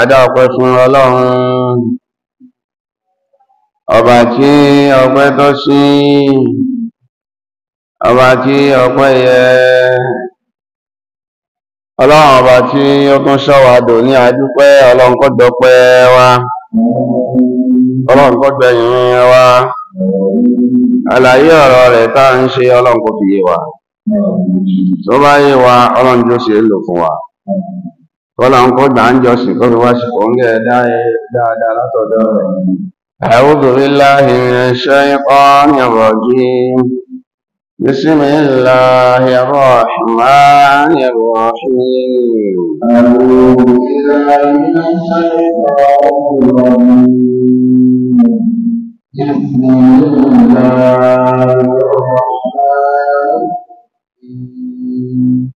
adáwọ̀pẹ́ fún ọlọ́run ọba tí ọpẹ́ tọ́ sí ọba tí ọpẹ́ yẹ ọlọ́run ọba tí ó tún ṣọ́wàdò ní àdúpẹ́ ọlọ́run kó dọpẹ́ wá. ọlọ́run kó gbẹ̀yìn wa àlàyé ọ̀rọ̀ rẹ̀ tá ń ṣe ọlọ́run kó fi yé wa tó bá yé wa ọlọ́run tó ṣe é lò fún wa kọ́lá ń kọ́ gbà ń jọsìn kó fi wá sí kò ń gẹ̀ dáadáa látọ̀dọ̀ rẹ̀. أعوذ بالله من الشيطان الرجيم بسم الله الرحمن الرحيم أعوذ بالله من الشيطان الرجيم بسم الله الرحمن الرحيم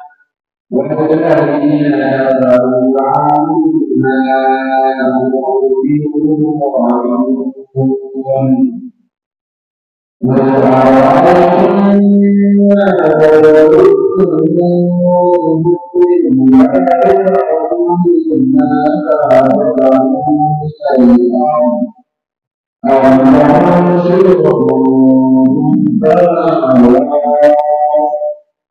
والذين نذروا عما أخبرهم ولو أردتم ما أردتم من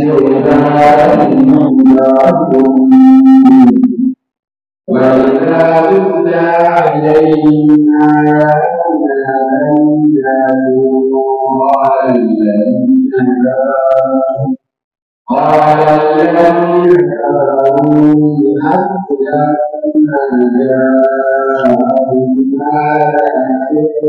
لولا إنكم وإذا تتلى عليهم آياتنا بينات الذين قال الذين آمنوا حتى جاءهم ما لا يحب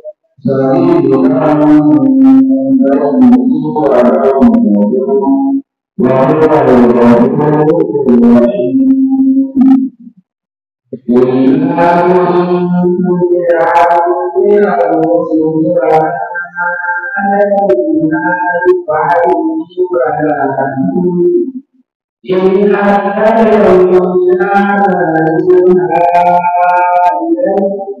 سعيد إِنَّا لَنَعْلَمُ أَنَّ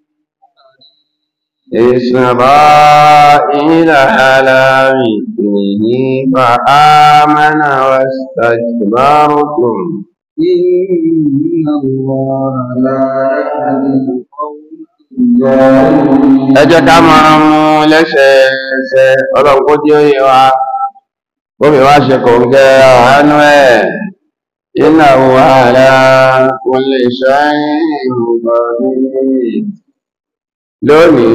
إسرائيل على مثله فآمن واستكبرتم إن الله لا يهدي القوم ẹ jẹ́ ká máa mú lẹ́sẹ̀ ẹsẹ̀ ọlọ́run kó jẹ́ òye wa bómi wá ṣe kò ń gẹ ọ̀hánú ẹ̀ iná wàhálà kò lè ṣáyé ìrùbọ̀ nílé lónìí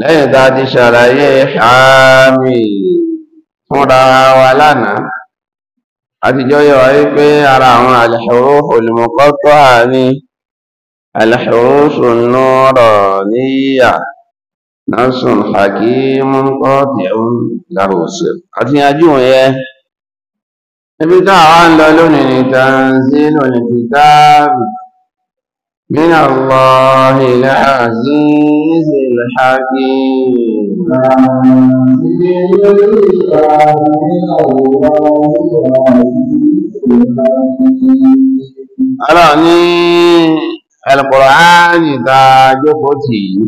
lẹ́yìn tá a ti ṣàlàyé àmì fúnra wa lánàá àtijọ́ yẹ wá wípé ara àwọn al-huruful muqatta'a ní al-hurufun nuraniyya nasun hakimun qati'un lahu sir àti yanjú yẹ ibi tá a wá ń lọ lónìí ní tanzilul kitabi. من الله العزيز الحكيم Ọlọ́run ní Al-Qur'ani ta jókòó tì í,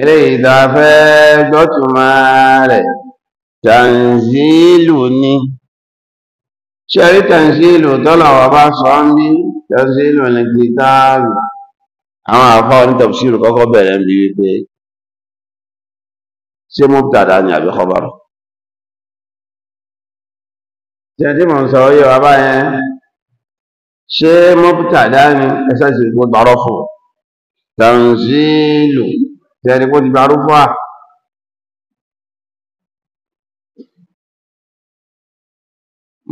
eléyìí ta fẹ́ gbọ́tùmọ̀ rẹ̀, Tanzilu ni ṣẹ́rí tẹ̀sílù tọ́lọ̀wọ̀ bá sọ ń bí tẹ̀sílù ní kìtààrù àwọn àfá onítọ̀sílù kọ́kọ́ bẹ̀rẹ̀ ń bí wípé ṣé mú tàdá ní àbí kọ́bọ̀rọ̀ tẹ̀sí mọ̀ sọ yẹ wà báyẹn ṣé mú tàdá ní ẹsẹ̀ sì gbọ́dọ̀ fún tẹ̀sílù tẹ̀sílù ti bá rúfọ́ à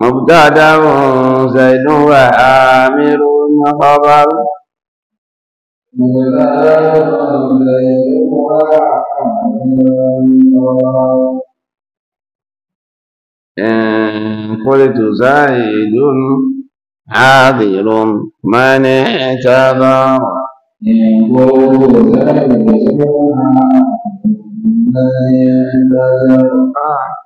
مبتدا زيد وعامر خبر إن قلت زيد عاذر من اعتذر إن قلت زيد عاذر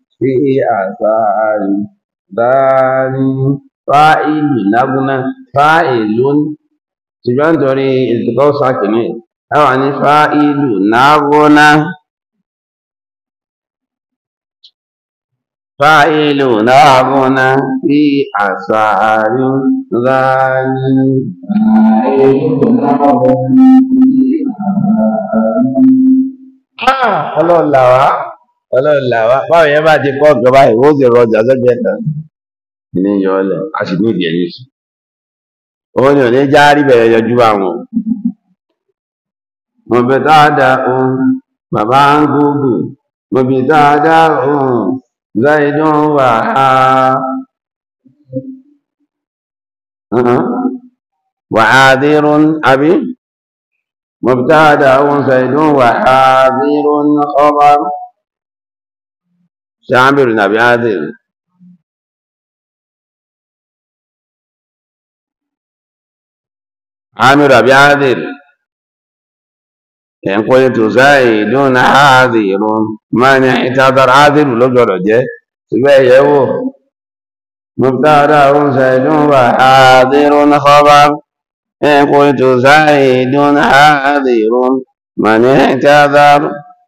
sí àṣàrì dárí fáìlù lágúná fáìlù ṣùgbọ́n nítorí ìdìbò sákìní táwa ní fáìlù lágúná fáìlù lágúná sí àṣàrì dárí fáìlù lágúná sí àṣàrì. Ah, ọlọ́ọ̀lá wa ọlọ́run là wá báwo yẹn bá ti kọ́ ọ̀gá báyìí ó sì rọjà sẹ́gbẹ̀ẹ́ kan ní yọ ọ́ lẹ̀ a sì ní ìdí ẹ̀yìn sùn òun ni òní já rí bẹ̀rẹ̀ yọjú àwọn mọ̀ bí dáadáa òun bàbá ń gbógbò mọ̀ bí dáadáa òun záìdún wà á wà á dírún àbí mọ̀ bí dáadáa òun záìdún ṣé ámírù ni àbí ádìrì ámírù àbí ádìrì ẹ̀ ń kọ́ ní tòṣá ìdún ádìrì máa ní ìtàdára ádìrì lọ́jọ́rọ̀ jẹ́ ṣùgbẹ́ ìyẹ́wò mọ̀tàdá oúnjẹ ìdún wà ádìrì náà إن قلت زيد حاذر من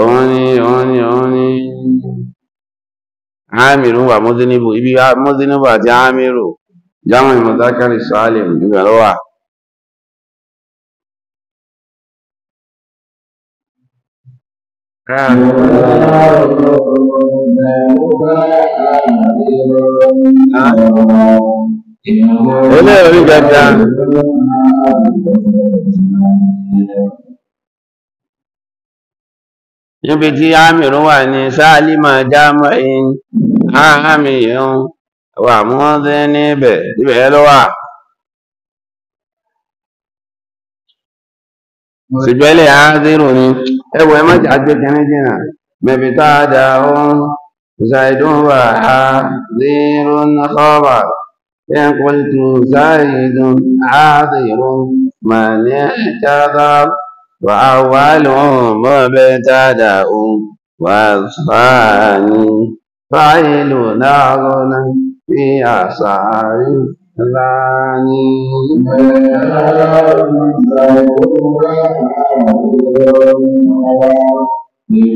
òun ni òun ámìrù wà mọ́dínníbù ibi mọ́dínníbù àti ámìrù jámọ̀ ìmọ̀dákàrí sọ́álẹ̀ ìgbà lọ́wà Ilé ìrìn gẹ̀gẹ̀. يبتي عامر واني سالما جامعين حاميهم وموذني بلوى سبالي عاذروني ايوه ما جعدت نجينا مبتاداهم زايدون وحاذير خبر ان قلت زايد عاذر ما نعتذر وأول مبتدأ والثاني فعيل نعظنا في Thank you.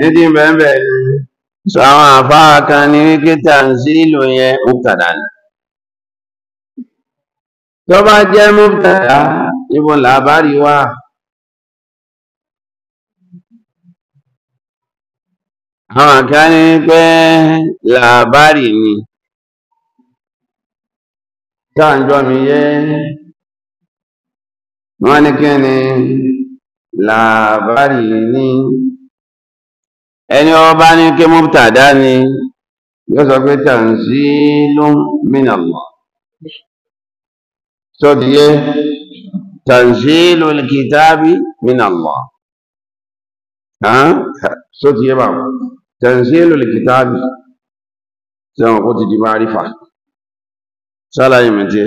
Títí bẹ́ẹ̀ sọ àwọn àfáà kan ní wíkítà ń sí ìlò yẹn òkàdà ní. Tó bá jẹ́ múbtàdá, ibo làbárí wà. Àwọn kan ní pé làbárí ni. Táà ń jọ mi yẹ́ wọ́n ní kí ni làbárì ní ẹni ọba ní kí mubtada ni yóò sọ pé tanzilun minallah sọ́dìyẹ tanzilul kitabi minallah sọ́dìyẹ bá tanzilul kitabi sọ́dìyẹ kó ti di máa rí fà sálàyé mẹ́tẹ́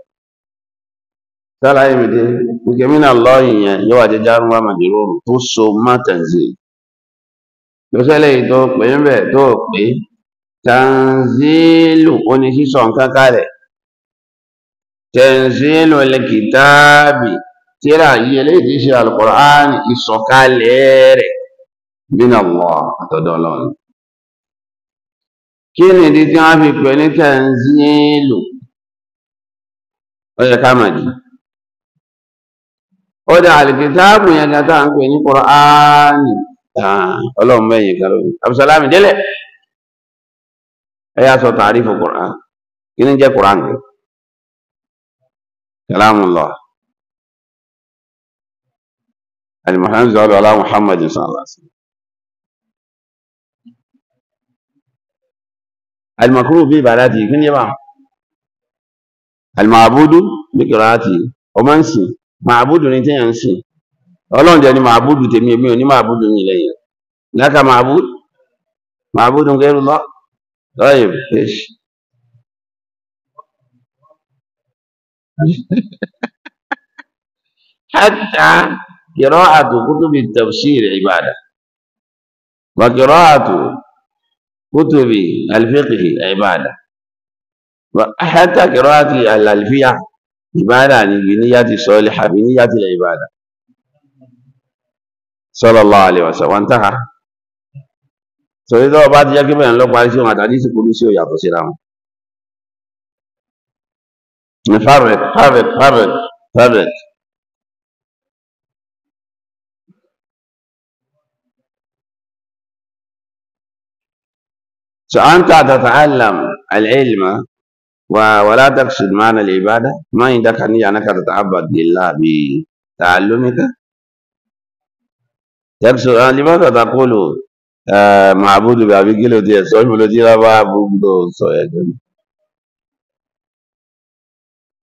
tára ìmìdí nke mí náà lọ ìyẹn yọwa wà jẹjẹ arúgbó àmàdìrúurù tó so má tẹ̀sí lọ́sẹ̀lẹ̀ yìí tó pè ń bẹ̀ tó pè tanzilu oní sísọ nǹkan kalẹ̀ tanzilu lẹ́kìtàbì tíra yìí eléyìí ti ṣe alukọ̀rọ̀ánì ìsọ̀kalẹ̀ rẹ̀ min Allah àtọ̀dọ̀ ọlọ́run kí ni ìdí tí fi pè ní yẹ ká ó dá yẹn gan tá à ń pè ní kùránì ọlọ́run mẹ́yìn kan lónìí abdulsalami délẹ̀ ẹ yá sọ tàrífù kùránì kí ni jẹ́ kùránì kalamullah alimuhammed sọlọ ọlá muhammed sọlọ alimakuru bí ibàdà tì kí ni jẹ́ bá alimabudu bí ọmọ màbúdù ní téèyàn ń sìn ọlọ́run jẹ́ ni màbúdù tèmi èmi ò ní màbúdù mi lẹ́yìn láka màbúdù màbúdù gẹ́rù lọ lọ́yẹ̀ pèsè. حتى قراءة كتب التفسير عبادة وقراءة كتب الفقه عبادة وحتى قراءة الألفية عبادة نية صالحة بنية العبادة صلى الله عليه وسلم وانتهى سيدنا بعد يجب أن لو قال شيء هذا ليس كل شيء يا بسيرام نفرد فرد فرد فرد فأنت تتعلم العلم ولا تقصد معنى العبادة ما عندك أن أنك تتعبد لله بتعلمك تقصد لماذا تقول معبود بأبيكيلو دي سوى دي ربا سوى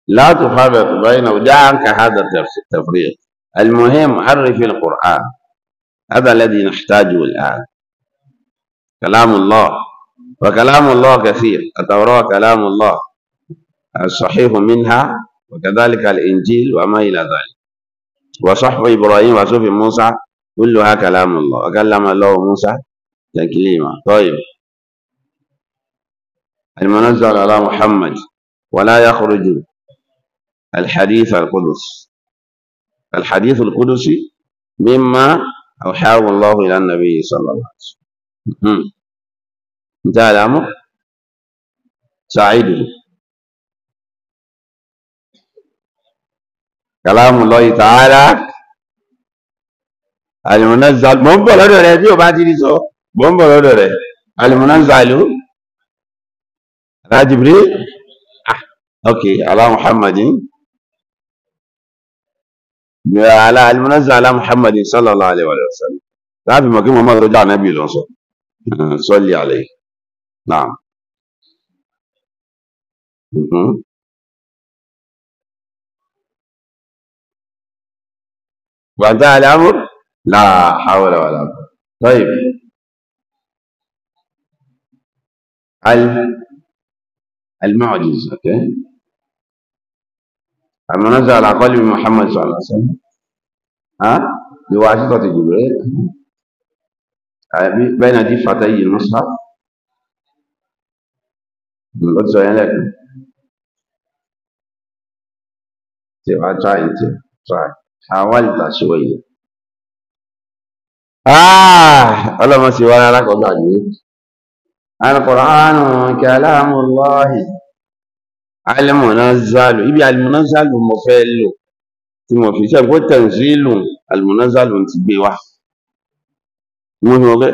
لا تفرق بينه جاء عنك هذا التفريق المهم عرف القرآن هذا الذي نحتاجه الآن كلام الله وكلام الله كثير التوراة كلام الله الصحيح منها وكذلك الإنجيل وما إلى ذلك وصحب إبراهيم وصحب موسى كلها كلام الله وكلم الله موسى تكليما طيب المنزل على محمد ولا يخرج الحديث القدس الحديث القدسي مما أوحاه الله إلى النبي صلى الله عليه وسلم انتهى الأمر سعيد kàlámù lọ́yìn tààrà alìmọ̀nàzàlù mọ́ ń bọ̀ lọ́dọ̀ rẹ̀ bí o bá ti rí sọ mọ́ ń bọ̀ lọ́dọ̀ rẹ̀ alìmọ̀nàzàlù rájìbìrí ok alámuhammadin alìmọ̀nàzàlù alámuhammadin sallallahu alaihi wa sallam láàbì mọ̀ kí muhammadu rọjá anábì lọ وانتهى الأمر لا حول ولا قوة طيب المعجز اوكي أما نزل على قلب محمد صلى الله عليه وسلم ها بواسطة جبريل بين دفتي المصحف القدس لكم تبقى تراي تراي حاولت شوية آه الله ما سوى لك القرآن كلام الله المنزل ibi المنزل mo fẹ́ lò tí mo fi ṣe pé tẹ̀sílù المنزل ti gbé wá mo ní ọgbẹ́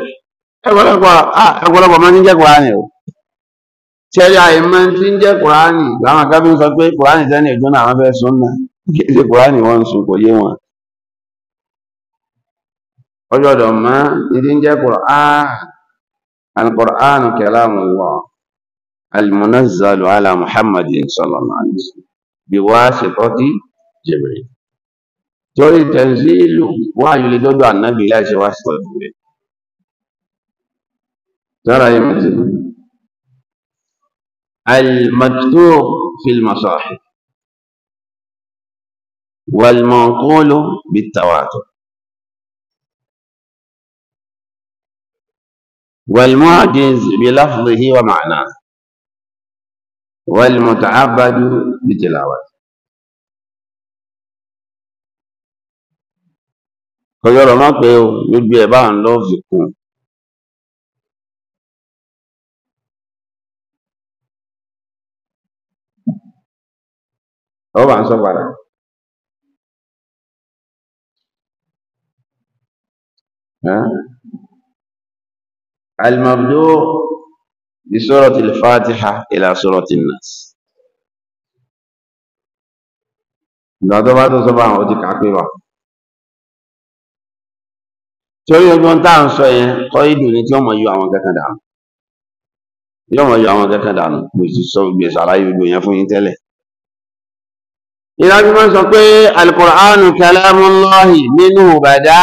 ẹgbọ́lọpọ̀ máa ń jẹ́ kùránì o ṣẹlẹ̀ àìmọ́ ti ń jẹ́ kùránì láwọn akábí ń sọ pé kùránì tẹ́ni ìjọ́nà àwọn fẹ́ sùn náà gẹ́gẹ́ kùránì wọ́n ń sọ kò yé wọn ọjọ́dọ̀ mọ́ ìdí ń jẹ́ kùránì alkùránì kalamullah almunazzalu ala muhammadin sallallahu alaihi wasallam biwasitati jibril torí tanzilu wáyé lè dọ́dọ̀ ànábì láìsí wá المكتوب في المصاحف والمنقول بالتواتر والمعجز بلفظه ومعناه والمتعبد بتلاوته kọjọ́rọ̀ má pé o gbogbo ẹ̀ bá ń lọ fi kún ọ bá ń sọ padà المبدوء بسورة الفاتحة إلى سورة الناس gbàtọ́ bá tó sọ́bà àwọn òdìkà pé wà torí ọgbọ́n tá à ń sọ yẹn kọ́ ìdùn ní tí ọmọ yọ àwọn kankan dànù yọ ọmọ yọ àwọn kankan dànù mo sì sọ gbèsè àlàyé gbogbo yẹn fún yín tẹ́lẹ̀ ìlàjú máa ń sọ pé al-Qur'anu kalamullahi minhu bada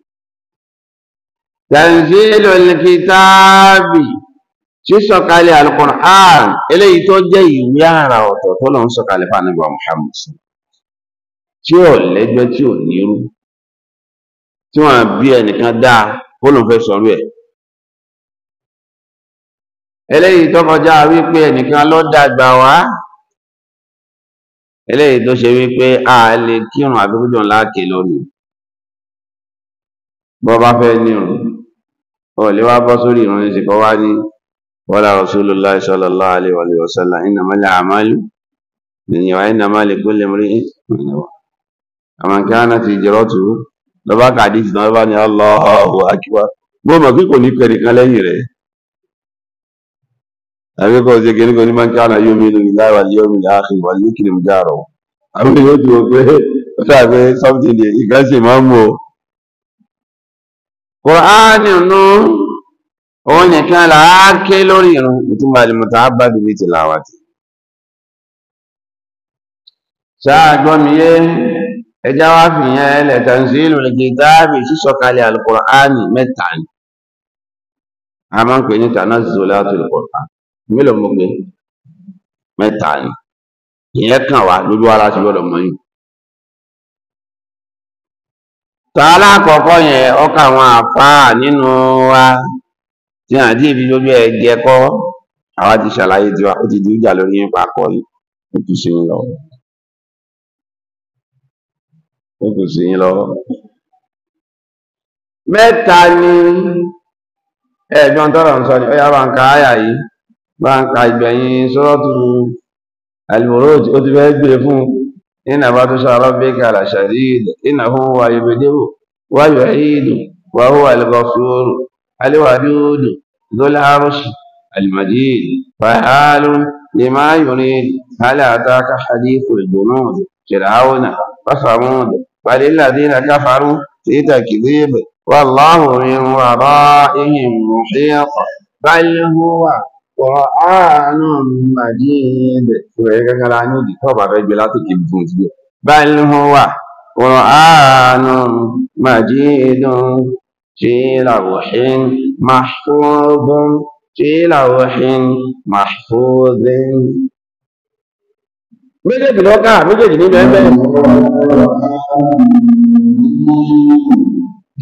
tàǹzílò kìtàbì tí sọ̀kalẹ̀ alukur'an eléyìí tó jẹ́ ìwé àrà ọ̀tọ̀ tó lọ ń sọ̀kalẹ̀ fánàbà muhammad tí ò lẹ́jọ́ tí ò nírú tí wọ́n bí ẹnìkan dáa kó ló ń fẹ́ sọ̀rọ̀ ẹ̀ eléyìí tó kọjá wípé ẹnìkan ló dàgbà wá eléyìí tó ṣe wípé a lè kírun àbíkújọ ńlá kè lónìí bọ́ bá fẹ́ nírun ọ̀lẹ́ wá bọ́ sórí ìran ẹ̀sìn kọ́ wá ní wọ́lá rasulullah sallallahu alaihi wa sallam innamal a'malu nìyẹn wa innamal likulli imri'in man kanat hijratuhu lọ́ba kàdí ìtàn lọ́ba ní Allahu akbar bó mọ̀ pé kò ní pẹ̀lú kan lẹ́yìn rẹ̀ àbí kò ṣe kí ní kò ní man kana yu'minu billahi kùránì nù òun nìkan là á ké lórí ìrun ìtumọ̀ àdìmọ̀tà ábàdì bíi ti làwà tì. ṣáàgbọ́mìyé ẹjá wá fìyàn ẹlẹ̀ tanzilu al-kitabi sísọ̀kalẹ̀ alukùránì mẹ́ta ni a máa ń pè ní tanazzulatul Qur'an mélòó mo pè mẹ́ta tààlà àkọ́kọ́ yẹn ọkà àwọn àfáà nínú wa tí a dí ibi gbogbo ẹ̀gẹ́ kọ́ àwa ti ṣàlàyé tiwa ó ti di ìjà lórí nípa kọ́ yìí ó kù sí yín lọ́wọ́ ó kù sí yín lọ́wọ́. mẹ́ta ni ẹ̀gbọ́n tọrọ ń sọ ni ó yá àyà yìí bá ìgbẹ̀yìn sọ́rọ́tù al ó ti fẹ́ gbé e fún un. إن بطش ربك لشديد إنه هو يبدئ ويعيد وهو الغفور الودود ذو العرش المجيد فعال لما يريد هل أتاك حديث الجنود فرعون وثمود بل الذين كفروا في تكذيب والله من ورائهم محيط بل هو Qur'ānun Majīd ìròyìn kankan la ní òdì tó bá fẹ́ gbé látòkè bí fún ìdílé bal huwa Qur'ānun Majīdun fī lawhin maḥfūẓin fī lawhin maḥfūẓin. méjèèjì lọ́kà méjèèjì ní bẹ́ẹ̀ bẹ́ẹ̀.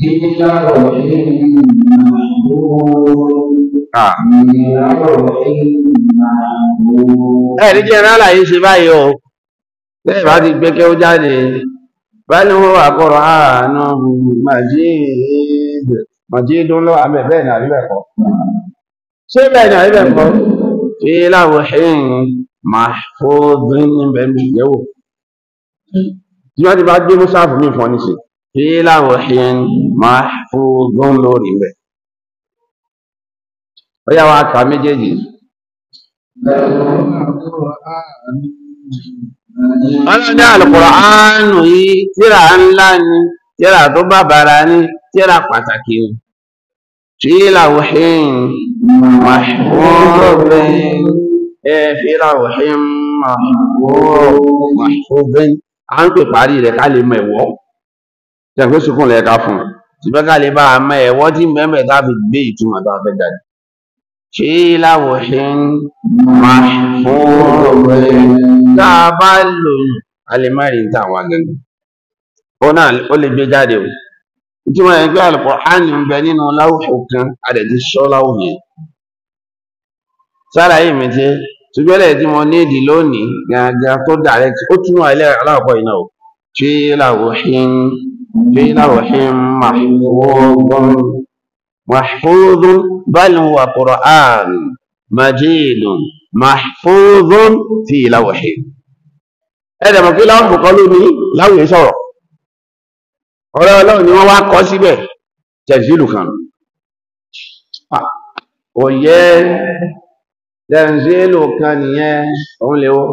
Ìjọba ìjọba ìjọba. Ah. ẹ̀rí jẹ́ rálàyé ṣe báyìí o lẹ́yìn bá ti gbẹ́kẹ́ ó jáde báyìí wọ́n wà kọ́rọ̀ àánú màjídùn lọ́wọ́ àmì bẹ́ẹ̀ ní àríwẹ̀ kọ́ ṣé bẹ́ẹ̀ ní àríwẹ̀ kọ́ fi láwùhín mahfudin níbẹ̀ mi yẹ̀wò tí wọ́n ti bá gbé mùsáàfù mi fọ́ níṣẹ́ fi láwùhín mahfudin lórí rẹ̀ ó yá wa kà méjèèjì. ọlọ́run ní àlùkùránì yìí tírà ńlá ni tírà tó bàbàrà ni tírà pàtàkì ni fi làwùhìn mahfúbin ẹ fi làwùhìn mahfúbin à ń pè parí rẹ̀ ká lè mọ ẹ̀wọ́ tẹ̀gbẹ́sùkùn lẹ́ka fún un ṣùgbọ́n ká lè bá a mọ ẹ̀wọ́ tí mẹ́mẹ́ fi gbé ìtumọ̀ tó a fẹ́ jáde. fi láwọ̀hìn mahfúrúwẹ̀ tá a bá lò alìmọ́rin tá wà gẹ̀gẹ̀ ó náà gbé jáde o tí wọ́n yẹn gbé Al-Qur'an ń bẹ nínú láwùjọ kan àdẹ̀dí sọ láwùjọ sára yìí mi tí بل هو قرآن مجيد محفوظ في لوح ẹ̀rẹ̀ mọ̀ pé láwọn kọ̀ọ̀kan ló ní láwùjọ sọ̀rọ̀ ọ̀rọ̀ ọlọ́run ni wọ́n wá kọ́ síbẹ̀ tẹ̀sílù kan ah, òye tẹ̀sílù kan nìyẹn òun lè wọ́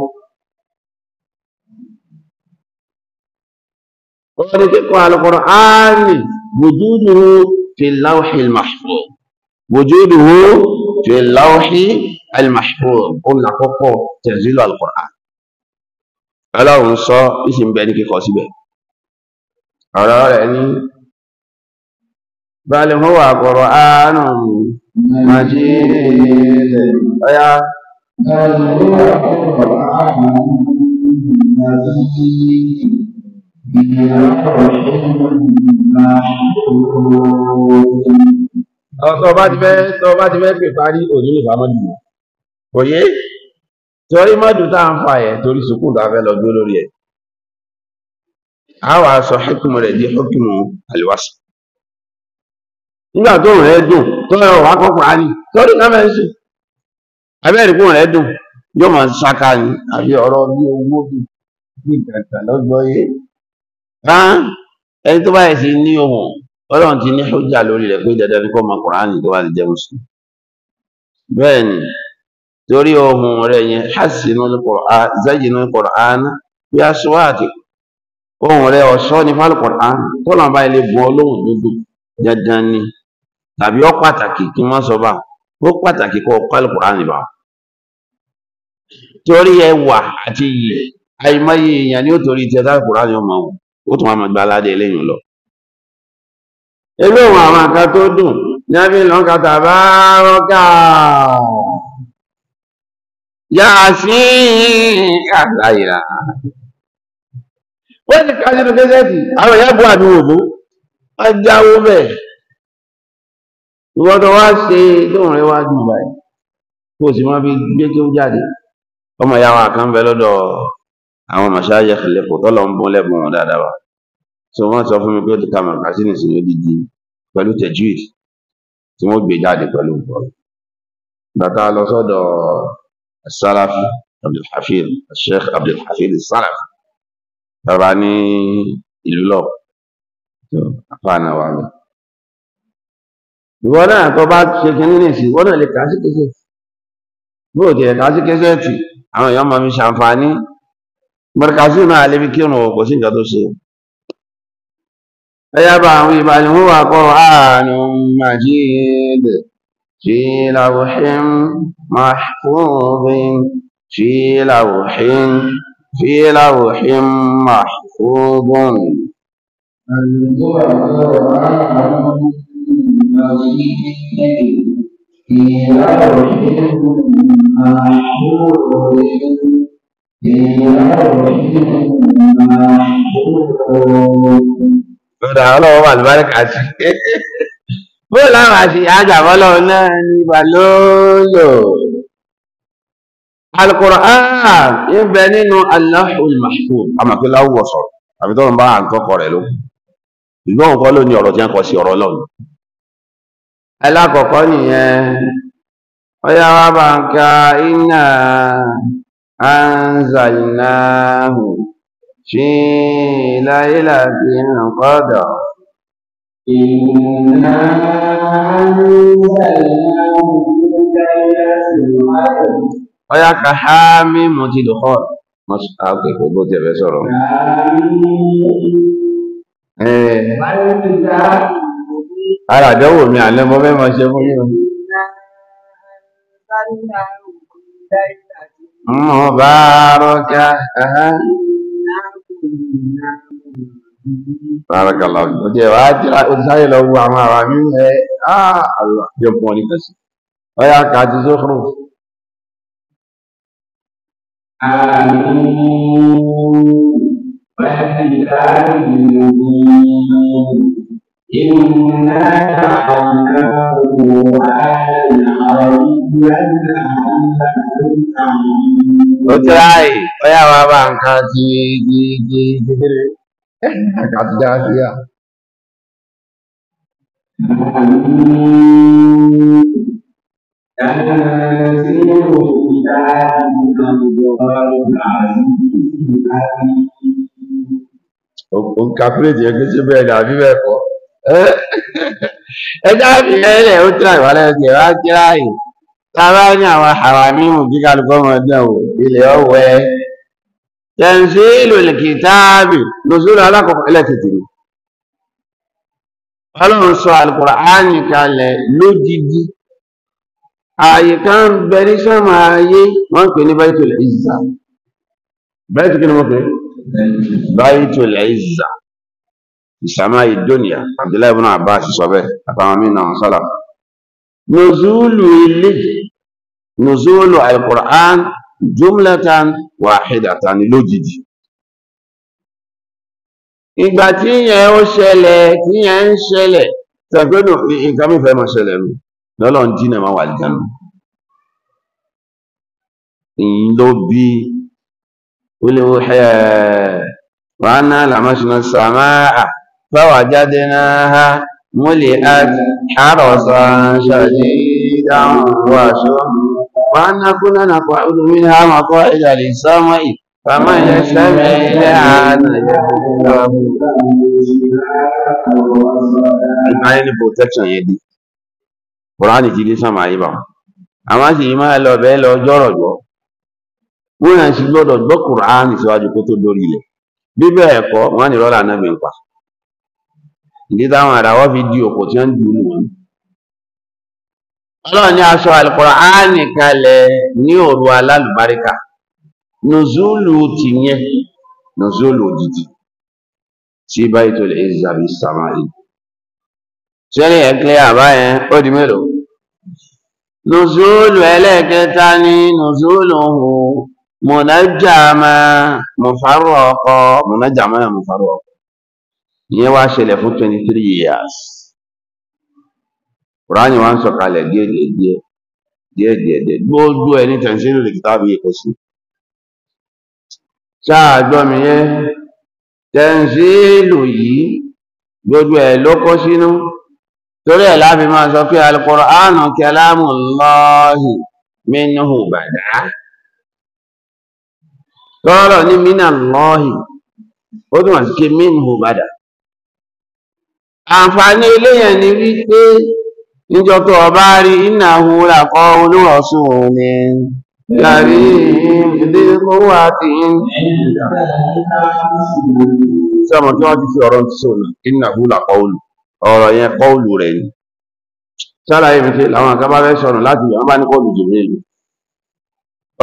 ó ní kíkọ́ Al-Qur'ani wujuduhu fil lawhil mahfuz wujuduhu fi lawhi al-mahfuz òun làkọ́kọ́ tanzilu al-Qur'an ọlọ́run sọ ìsì ń bẹ ní kíkọ síbẹ̀ ọ̀rọ̀ rẹ̀ ní bal huwa Qur'anun majid ọ̀yá Ìyá ọ̀rọ̀ ṣe ń bá ṣe kúrò ọ̀tọ̀ bá ti fẹ́ tọ́ bá ti fẹ́ pè parí òní ìbámọ́dù mọ́ òye torí mọ́dù tá à ń fa ẹ̀ torí sùkúù tá a fẹ́ lọ gbé lórí ẹ̀ a wà sọ hukumu rẹ̀ di hukumu àlùwàsì nígbà tó rẹ̀ dùn tó rẹ̀ wà kọ́ kùránì torí náà fẹ́ sùn abẹ́rẹ́ kó rẹ̀ dùn yóò máa ṣaka ni àbí ọ̀rọ̀ bí owó bí bí ìgbàgbà lọ́gbọ́ yé ẹni tó báyìí sí ní ohun ọlọ́run ti ní ṣójà lórí rẹ̀ pé dandan ní kó mọ kùránì tó wà ní jẹ́ mùsùlùmí torí ohun rẹ̀ yẹn hasinu al-Qur'an zayinu al ohun rẹ̀ ọ̀ṣọ́ ní fal bá ilé bu dúdú dandan ni tàbí pàtàkì kí sọ bá ó pàtàkì bá torí ẹwà àti iyì àìmọye èèyàn ni ó torí ó tún wà máa gba aládé lọ. eléwọ̀n àwọn nǹkan tó dùn ní abí lọ́nkà tàbá rọ́kà yà sí àláyà wọ́n ti ká nínú kẹ́sẹ̀tì àwọn ìyá bu àmì òbó wọ́n jáwó bẹ́ẹ̀ ìwọ́n tó wá ṣe lóun rẹ̀ wá dùn báyìí kó sì máa fi gbé kí ó jáde ọmọ ìyá wa kan bẹ lọ́dọ̀ àwọn màṣáyẹ kẹlẹ́kọ̀ọ́ tọ́lọ́ ń bọ́ lẹ́bùn wọn dáadáa so wọ́n sọ fún mi pé ká magazine sí ní odidi pẹ̀lú tajwid tí wọ́n gbé jáde pẹ̀lú bọ́ọ̀lù bàtà lọ sọ́dọ̀ sálàfì abdulhafid sheikh abdulhafid sálàfì bàbá ní ìlú lọ àfààní wa mi. ìwọ náà tó bá ṣe kínní nìsí ìwọ náà lè kà á sí kẹsẹ̀tì bóò tiẹ̀ kà á sí kẹsẹ̀tì àwọn èèyàn máa fi ṣàǹfààní mọ̀rẹ́kà náà lè fi kírun ọ̀pọ̀ sí nǹkan tó ṣe o. فيبعوي بل هو قرآن مجيد في لوح محفوظ في لوح في لوح محفوظ بل هو قرآن مجيد في لوح محفوظ في لوح محفوظ lọ́dà ọlọ́wọ́ wà lùbáríkà sí bó láwọn àti àgbàbọ́ lọ́wọ́ náà ní balóòlò alukur'an ń bẹ nínú Allahul Mahfuz amakilawo wọ̀sọ̀ àbí tó ń bá àǹkọ́kọ̀ rẹ̀ ló ìgbọ́n nǹkan ló ní ọ̀rọ̀ tí wọ́n kọ sí ọ̀rọ̀ lọ́nà alákọ̀ọ́kọ́ nìyẹn ó yá bá ń ka iná anzalnahu في ليلة القدر إنا أنزلناه في ليلة القدر ويا كحامي مجد خور مش أعطي قبوت يا بسرعة إيه ara àdánwò mi àlẹ́ mo fẹ́ máa ṣe fún yín o. mo bá rọ́jà. Bárakàlá ọjọ́ ìwà ájíra òṣìṣàyè lọ wo àwọn ará mi ẹ àlọ́ jọpọ̀ ní kẹsì. Ọya kà á ti sókòrò. Àmì wẹ́ẹ̀lì láàrin ìlú. إن ó ti ráàyè ọyá wa bá nǹkan ti ti ti ti kéré àti dára sí yá. Òǹkà pírètì ẹgbẹ́ sí bẹ́ẹ̀ ni àbí bẹ́ẹ̀ ẹjọ́ àfihàn ó tíra ìwálẹ̀ ẹ̀jẹ̀ wá kíra yìí tábà ní àwọn àwàmíhùn kíkà lùkọ́mọ ọdún ọ̀wọ̀ ilẹ̀ ọ̀wẹ́ tẹ̀sílù kìtàbì lọ́sọ́lọ́ alákọ̀ọ́kọ́ ilẹ̀ ni ọlọ́run sọ Al-Kùránì lójijì ààyè kan bẹ ní sọ́mà ayé wọ́n ń pè ní Baitul Izza Baitul kí ni wọ́n pè Baitul Izza ìsàmà ìdóníà abdullahi ibn abbas sọ àtàwọn mí náà sọlá ilé nùzúlù alukur'an jumlatan wàhídàtàn lójijì ìgbà tí yẹn ó ṣẹlẹ̀ tí yẹn ń ṣẹlẹ̀ tẹ̀gbẹ́nù nǹkan mi fẹ́ máa ṣẹlẹ̀ nù máa wà lìjánu bí ó léwu làmásùnà فوجدناها ملئت حرسا شديدا وشهرا وأنا كنا نقعد منها مقاعد للسمع فمن يستمع إليها Ìmáyé ní di. Kùránì ti dé Àwọn sì máa lọ bẹ́ẹ̀ lọ jọ̀rọ̀jọ̀. Wọ́n yàn sí gbọ́dọ̀ gbọ́ Kùránì síwájú kó tó dórí ilẹ̀. Bí bẹ́ẹ̀ rọ́lá náà bí ń pa. ìdí táwọn àràwọ̀ fi di òkò tí wọ́n ń dùn wọn. ọlọ́run ní aṣọ Al-Qur'ani kalẹ̀ ní òru alálùbáríkà nùzúlù tìyẹn nùzúlù òdìdí tí Baitul Izza fi sàmà yìí. sẹ́ni ẹ̀ kílẹ̀ àbáyẹn ó di mélòó. nùzúlù ẹlẹ́ẹ̀kẹta ní nùzúlù hù mùnájàmá mùfárọ̀kọ mùnájàmá mùfárọ̀kọ. ìyẹn wá ṣẹlẹ̀ fún twenty three years kùránì wá ń sọ̀kalẹ̀ díẹ̀ díẹ̀ díẹ̀ díẹ̀ díẹ̀ gbogbo ẹni tẹ̀síìnì lè kíkà bí èkó sí ṣáà mi yẹn yìí gbogbo ẹ̀ ló kó sínú torí ẹ̀ láfi máa sọ pé alukóránù kalamullahi minhu bada ní mínà ó sí àǹfààní eléyàn ni wípé níjọ tó ọba rí iná húra kọ olúwọ̀sùn ní lárí ìdílé owó àti sọmọ tí wọ́n ti fi ọ̀rọ̀ ti sọ̀nà iná húra kọ olù ọ̀rọ̀ yẹn kọ olù rẹ̀ ni sálàyé mi ṣe làwọn àkábá fẹ́ sọ̀rọ̀ láti wọ́n bá ní kọ́ olùjì mi lù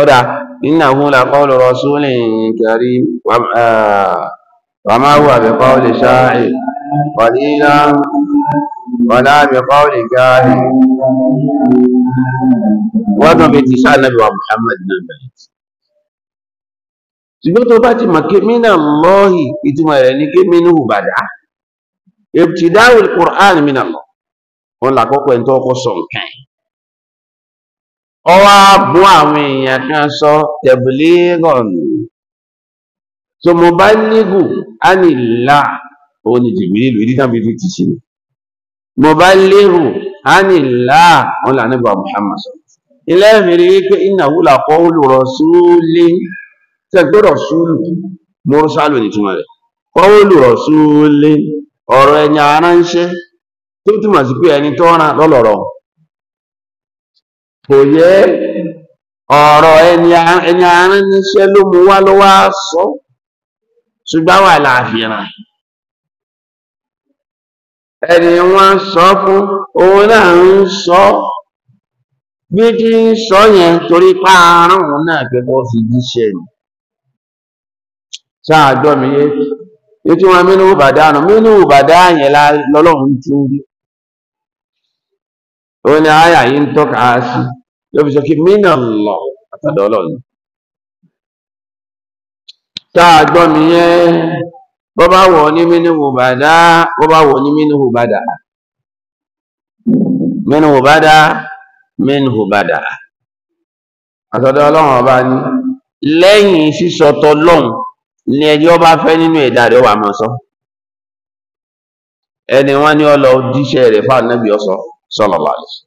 ọ̀dà iná húra kọ olùrọ̀sùn ní kẹrí wàá وما هو بقول شاعر قليلا ولا بقول كاهن wọ́n bí ti محمد nàbí wa Muhammad náà bẹ̀rẹ̀ ṣùgbọ́n tó bá ti mọ̀ kí mínà lọ́hì ìtumọ̀ rẹ̀ ní kí mínú hùbàdá ìbtìdáwò Qur'an mínà lọ wọn làkọ́kọ́ ẹni tó kọ́ sọ nǹkan ọwọ́ bú àwọn èèyàn kan sọ tẹ̀bùlẹ́gọ̀nù so mo bá nígù á ní là ó ní jìbìrìlù ìdí tàbí ti ṣe bá lérò á ní là nígbà Muhammad ilé ìfìrí wípé iná wúlà kọ́ ń lò rọ̀ṣúlé ọrụ rọ̀ṣúlù mọ́rúṣálù nìtumọ̀ rẹ̀ kọ́ ń lò ọ̀rọ̀ ẹ̀yìn aránṣẹ́ tó túmọ̀ sí pé ẹni lọ́lọ́rọ̀ kò yẹ ọ̀rọ̀ aránṣẹ́ ló wá ṣùgbọ́n wà láàfihàn ẹni wọ́n sọ fún òun náà ń sọ bí tí ń sọ yẹn torí páàrùn òun náà pé kó fi jíṣẹ́ ni sáàdọ́ mi yé yé tí wọ́n mínú ìbàdánù mínú ìbàdánù yẹn lọ́lọ́run tí rí òun ni àyà yìí ń tọ́ka sí ló mínà lọ àtàdọ́ ọlọ́run tá a gbọ́ mi yẹn bọ́ bá wọ̀ ní mínú bàdá bọ́ bá wọ̀ ní mínú bàdá mínú bàdá mínú bàdá àtọ́dọ̀ ọlọ́run ọba ní lẹ́yìn sísọ tọlọ́run ní ẹni ọba fẹ́ nínú ẹ̀dá rẹ̀ wà mọ́ sọ ẹni wọn ní ọlọ jíṣẹ́ rẹ̀ fún anábì ọsọ sọlọ lálẹ́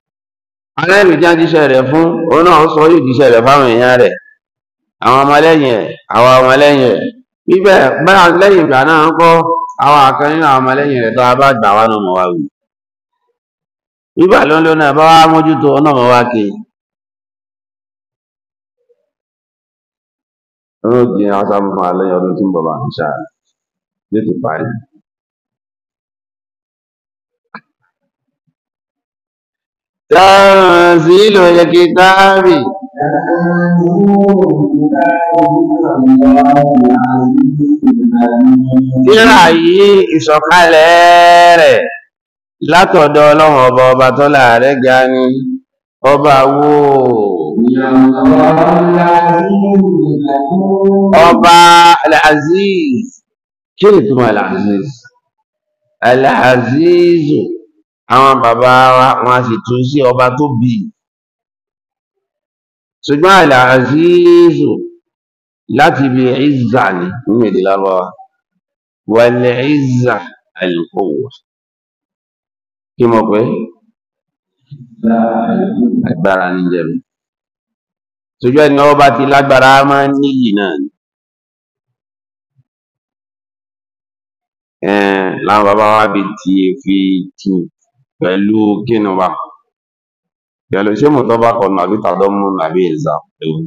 anábì jẹ́ jíṣẹ́ rẹ̀ fún òun náà sọ yóò jíṣẹ́ rẹ̀ fáwọn èèyàn rẹ̀ àwọn ọmọlẹ́yìn ẹ̀ àwọn ọmọlẹ́yìn ẹ̀ bíbẹ̀ bẹ́ẹ̀ lẹ́yìn ìgbà náà ń kọ́ àwọn àkan nínú àwọn ọmọlẹ́yìn rẹ̀ tó a bá gbà wá náà mọ̀ wá wí. bíbà ló ń náà bá wá mójútó ọ̀nà Tíra yìí ìsọ̀kalẹ̀ rẹ̀ látọ̀dọ̀ ọlọ́run ọba ọba tó láàrẹ́ ga ni ọba wo ọba al-aziz kí ni túmọ̀ al-aziz al-aziz àwọn bàbá wa wọn a sì tún sí ọba tó bíi ṣùgbọ́n àlà àzízù láti bí ìzà ní nímèdè lárọ́wà wàlẹ̀ ìzà àlùkòwò kí mọ̀ pé agbára ní jẹ́mi ṣùgbọ́n ẹni ọba ti lágbára máa ń níyì náà ni láwọn bàbá wa bí ti fi tù pẹ̀lú kínú wa pẹ̀lú ṣé mò ń tọ́ bá kọnu àbí tàdọ́ mú àbí ìzà ewu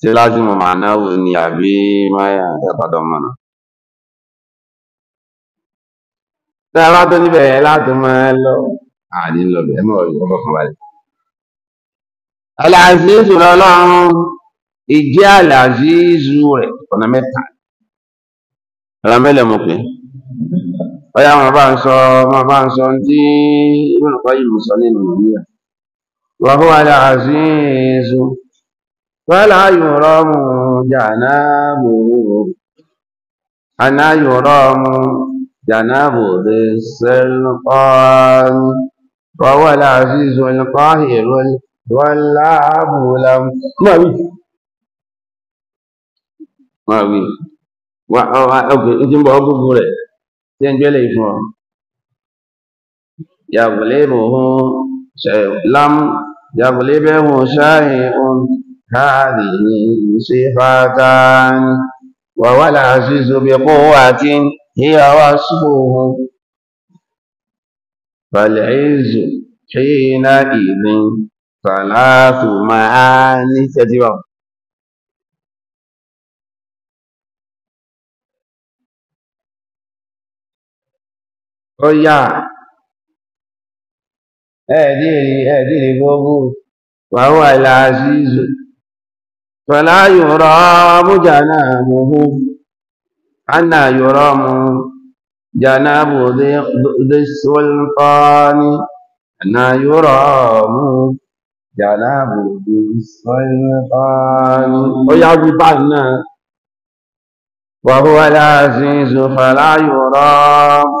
ṣé lázìmù màánáwù ni àbí máyà tàdọ́ mọ̀nà. tá a bá tó níbẹ̀ yẹn láti máa lọ àní lọ bẹ̀ ẹ́ mọ̀ ọ́ bọ̀ kàn balẹ̀. aláàzízù lọ́lọ́run ìjẹ́ aláàzízù rẹ̀ ọ̀nà mẹ́ta ọ̀nà mẹ́lẹ̀ mo pè é ọyá máa bá ń sọ máa bá ń sọ tí Ibn Qayyim mú sọ nínú nàìjíríà wa huwa al-aziz fala yuramu janabu ana yuramu janabu bis-sultan wa huwa al-aziz al-qahir واللعب لم ما وي ما وي wa ọgbẹ ìdìbò ọgbọgbọ rẹ tí ń gbélé fún ọ yàgùlébò hún lám yàgùlébè hún ṣáàyè hún káàdì ní ìṣe fàtàn wàwà làásìsò bí kó wà tí ìyàwó sùkúhùn fàlẹ́ẹ̀zù حينئذ ثلاث معاني تتبعه ó yà ẹ̀ẹ́dìrì ẹ̀ẹ́dìrì gbogbo wàhùn àìlàásíìzù fẹ̀lá yòrọ̀ mújà náà mọ̀hú anà yòrọ̀ mú jànáàbò dẹ́sọ́lùkọ́ni anà yòrọ̀ mú jànáàbò dẹ́sọ́lùkọ́ni ó yà gbígbà náà wàhùn àìlàásíìzù fẹ̀lá yòrọ̀ mú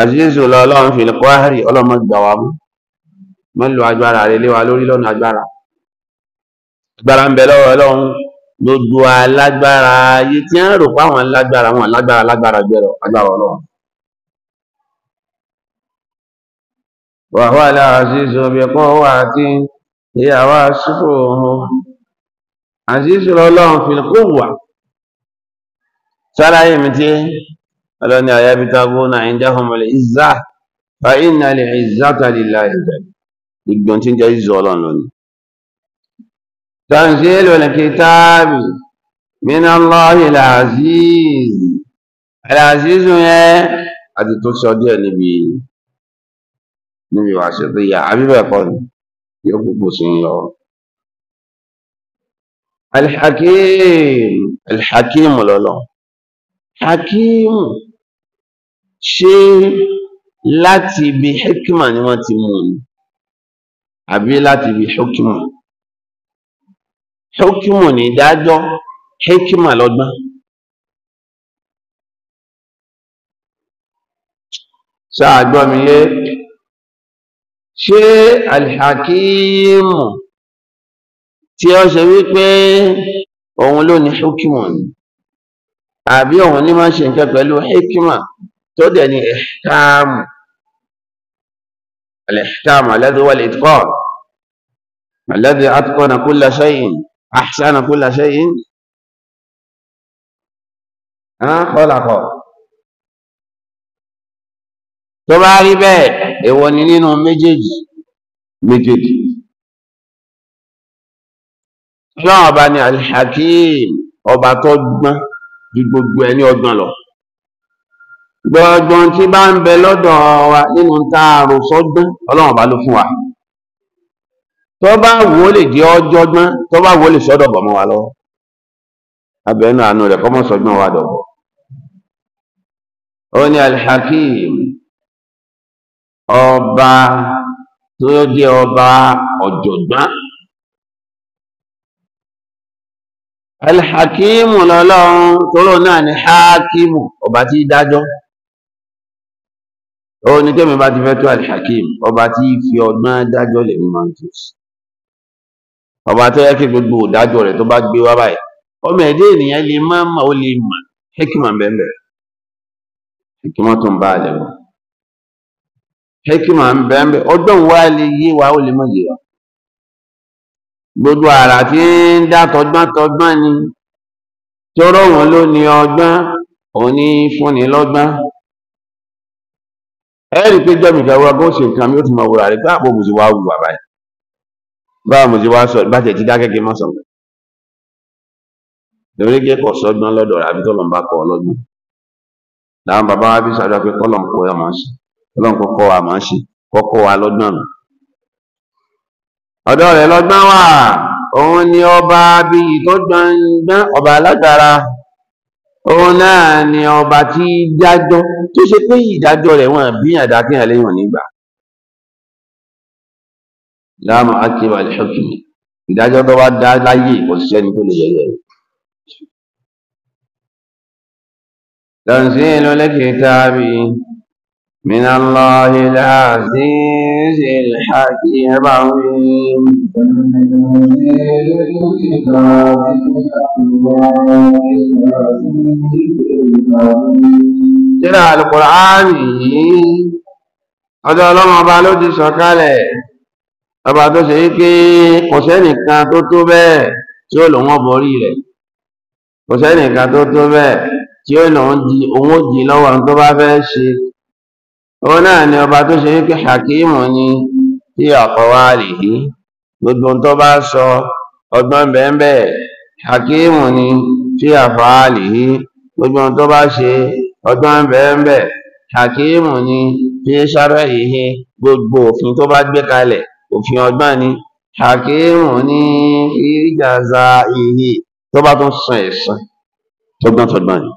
àzízù lọ́lọ́run fi lọ́kọ́ àárí ọlọ́mọ gbà wá mú mọ́lù agbára rẹ̀ lé wa lórí lọ́nà agbára agbára ń bẹ lọ́wọ́ ọlọ́run gbogbo alágbára ayé tí ń rò páwọn lágbára wọn lágbára lágbára gbẹrọ agbára ọlọ́run wàhálà àzízù bẹ̀kọ́ wà tí ìyàwó àsìkò ọ̀hún àzízù lọ́lọ́run fi lọ́kọ́ wà sára yìí mi ti ọlọ́ni ayábítágúnà ìdáhùnmọ̀lẹ̀ ìzá fa iná lè ìzáta lílá ìgbẹ̀ ìgbọ̀n tí ń jẹ́ ìzọ ọlọ́run lónìí tàǹsí lónìí kìtàbì min Allahi al-aziz al-aziz yẹn àti tó sọ díẹ̀ níbi níbi wàṣẹ tó yà àbíbẹ̀ pọ̀ ní yóò gbogbo sí ń lọ al-hakim al-hakim lọ́lọ́run hakeem ṣé láti ibi hikima ni wọ́n ti mú un àbí láti ibi hukimu hukimu ní ìdájọ́ hikima lọ́gbọ́n sáà gbọ́ mi yé ṣé alhakimu tí ó ṣe wípé òun ló ní hukimu ni àbí òun ní máa ń ṣe nǹkan pẹ̀lú hikima tó dẹ̀ ní ihkamu al-ihkamu alladhi huwa al-itqan alladhi atqana kulla shay'in ahsana kulla shay'in tó bá rí bẹ́ẹ̀ èwo ni nínú méjèèjì méjèèjì ọlọ́run ọba ni al ọba tó gbọ́n. ju gbogbo ẹni ọgbọ̀n lọ gbọ́gbọ́n tí bá ń bẹ lọ́dọ̀ wa nínú tá a rò sọ́gbọ́n ọlọ́run bá ló fún wa tó bá wò ó lè jẹ́ ọjọ́gbọ́n tó bá wò ó lè sọ́dọ̀ bọ̀ mọ́ wa lọ́wọ́ abẹ́nu àánú rẹ̀ kọ́mọ́ sọ́gbọ́n wa dọ̀bọ̀ ó ní alhakim ọba tó jẹ́ ọba ọ̀jọ̀gbọ́n alhakimu lọ́lọ́run tóró náà ni hakimu ọba tí dájọ́ ó ní kémi bá ti fẹ́ tó alhakimu ọba tí fi ọgbọ́n dájọ́ lè mú máa ń tó sí ọba tó yẹ kí gbogbo ìdájọ́ rẹ̀ tó bá gbé wá báyìí ọmọ ẹ̀dẹ́ ènìyàn lè má mà ó lè mà hekima bẹ́ẹ̀ hekima tó ń bá a lẹ̀ hekima bẹ́ẹ̀ ọgbọ́n wa lè yé wa ó lè má yé wa gbogbo àrà tí ń dá tọgbọ́n tọgbọ́n ni tọrọ wọn ló ní ọgbọ́n òní fúnni lọ́gbọ́n ẹ rí i pé jọ́mi ìjọba bó ṣe nǹkan mi ó tún máa wúra rẹ̀ báwo mo ti wá wù wà báyìí báwo mo ti wá sọ bá tẹ̀ ti dá kẹ́kẹ́ mọ́ sọ̀rọ̀ lórí kẹ́kọ̀ọ́ sọ́gbọ́n lọ́dọ̀ rẹ̀ àbí tọ́lọ̀ ń bá kọ́ ọlọ́gbọ́n làwọn bàbá wa bí sàdọ́ pé kọ́lọ̀ ń kọ́ wa ọ̀dọ̀ rẹ̀ lọ́gbọ́n wà òun ni ọba abiyì tó gbọ̀ngbọ́n ọba alágbára òun náà ni ọba tí dájọ́ tó ṣe pé ìdájọ́ rẹ̀ wọ́n bí àdákẹ́yàn léyìn nígbà láàmú akíba ìṣọ́kìmí ìdájọ́ tó bá dá láyé kò tó lè yẹ̀yẹ̀ rẹ̀. تنزيل الكتاب من الله العزيز الحكيم ọjọ́ ọlọ́run ọba ló ti sọ̀kalẹ̀ ọba tó ṣe pé kò sẹ́nìkan tó tó bẹ́ẹ̀ tí ó lòun borí rẹ̀ kò sẹ́nìkan tó tó bẹ́ẹ̀ tí ó lòun di owó di lọ́wọ́ tó bá fẹ́ ṣe òun náà ni ọba tó ṣe wípé hakimu ni tí àkọwá rè é gbogbo tó bá sọ ọgbọ́n bẹ́ẹ̀ hakimu ni tí àfàá rè é gbogbo tó bá ṣe ọgbọ́n bẹ́ẹ̀ hakimu ni tí sáré yìí gbogbo òfin tó bá gbé kalẹ̀ òfin ọgbọ́n ni hakimu ni ìjàzá yìí tó bá tún san ẹ̀san tọgbọ́n tọgbọ́n ni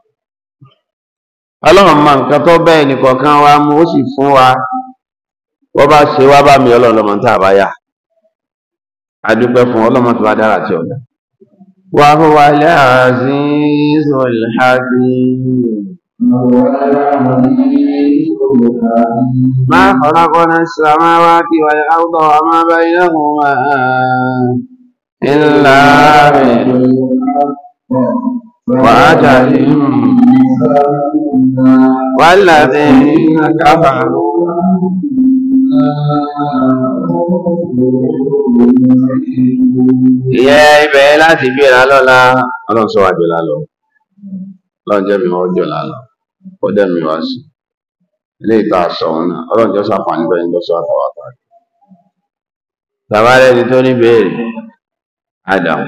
ọlọ́run mọ nǹkan tó bẹ́ẹ̀ nìkọ̀ọ̀kan wa mú ó sì fún wa wọ́n bá ṣe wá bá mi ọlọ́run lọ́mọ tá a bá yà á dúpẹ́ fún ọlọ́mọ tó bá dára tí ọ̀dà. wà á fún wa ilé àzízò ìlhàdí. ما خلقنا السماوات والأرض وما بينهما إلا بالحق وأجل والذين كفروا ìyẹ́ ibẹ̀ láti bí ìlà lọ́la ọlọ́run sọ wájú lálọ ọlọ́run jẹ́ mi wọ́n jọ lálọ ó dẹ̀ mi wá sí ilé ìta àsọ̀hún náà ọlọ́run jọ sàpàní bẹ́ẹ̀ ń lọ́sọ̀ àtàwátà tàbá rẹ̀ ti tó ní béèrè ádámù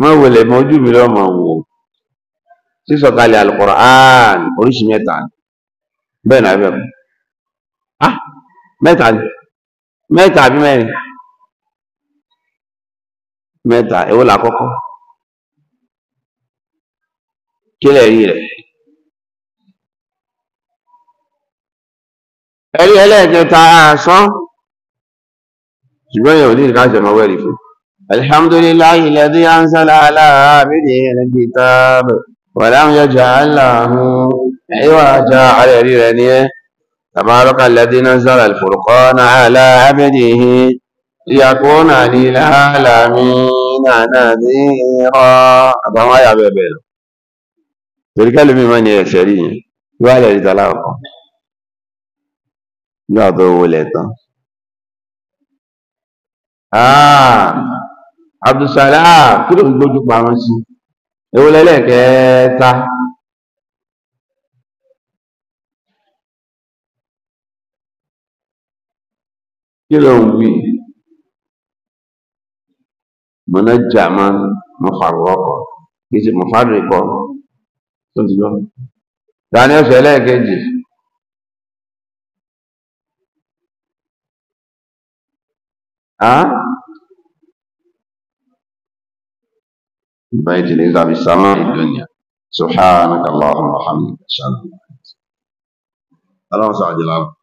má wulẹ̀ mọ ojú mi lọ́mọ wò sísọ̀kalẹ̀ alukur'an oríṣi mẹ́ta ni bẹ́ẹ̀ náà bẹ́ẹ̀ ah mẹ́ta ni mẹ́ta àbí mẹ́rin mẹ́ta èwo là kọ́kọ́ kílẹ̀ rí rẹ̀ ẹ̀rí ẹlẹ́ẹ̀kẹta àṣọ ṣùgbọ́n yẹn ò ní ìkájọ ọmọ wẹ́rì fún الحمد لله الذي أنزل على عبده الكتاب ولم يجعل له عواجا على ريرانيه تبارك الذي نزل الفرقان على عبده ليكون للعالمين نذيرا أبو يا تلك اللي من يسرين ولا يتلاقى يا ذو آه abdulsalam kí ló ń gbójú pa wọn sí ewu lẹ́lẹ́kẹ̀ẹ́ta kí ló ń wí mọ̀nà jàmá mọ̀fàrọ̀kọ̀ kì í ṣe mọ̀fàrọ̀kọ̀ tó ti lọ dání ọ̀sẹ̀ lẹ́ẹ̀kejì. Huh? بيت الإذا بالسماء الدنيا سبحانك اللهم وبحمدك أشهد أن لا إله إلا أنت اللهم صل على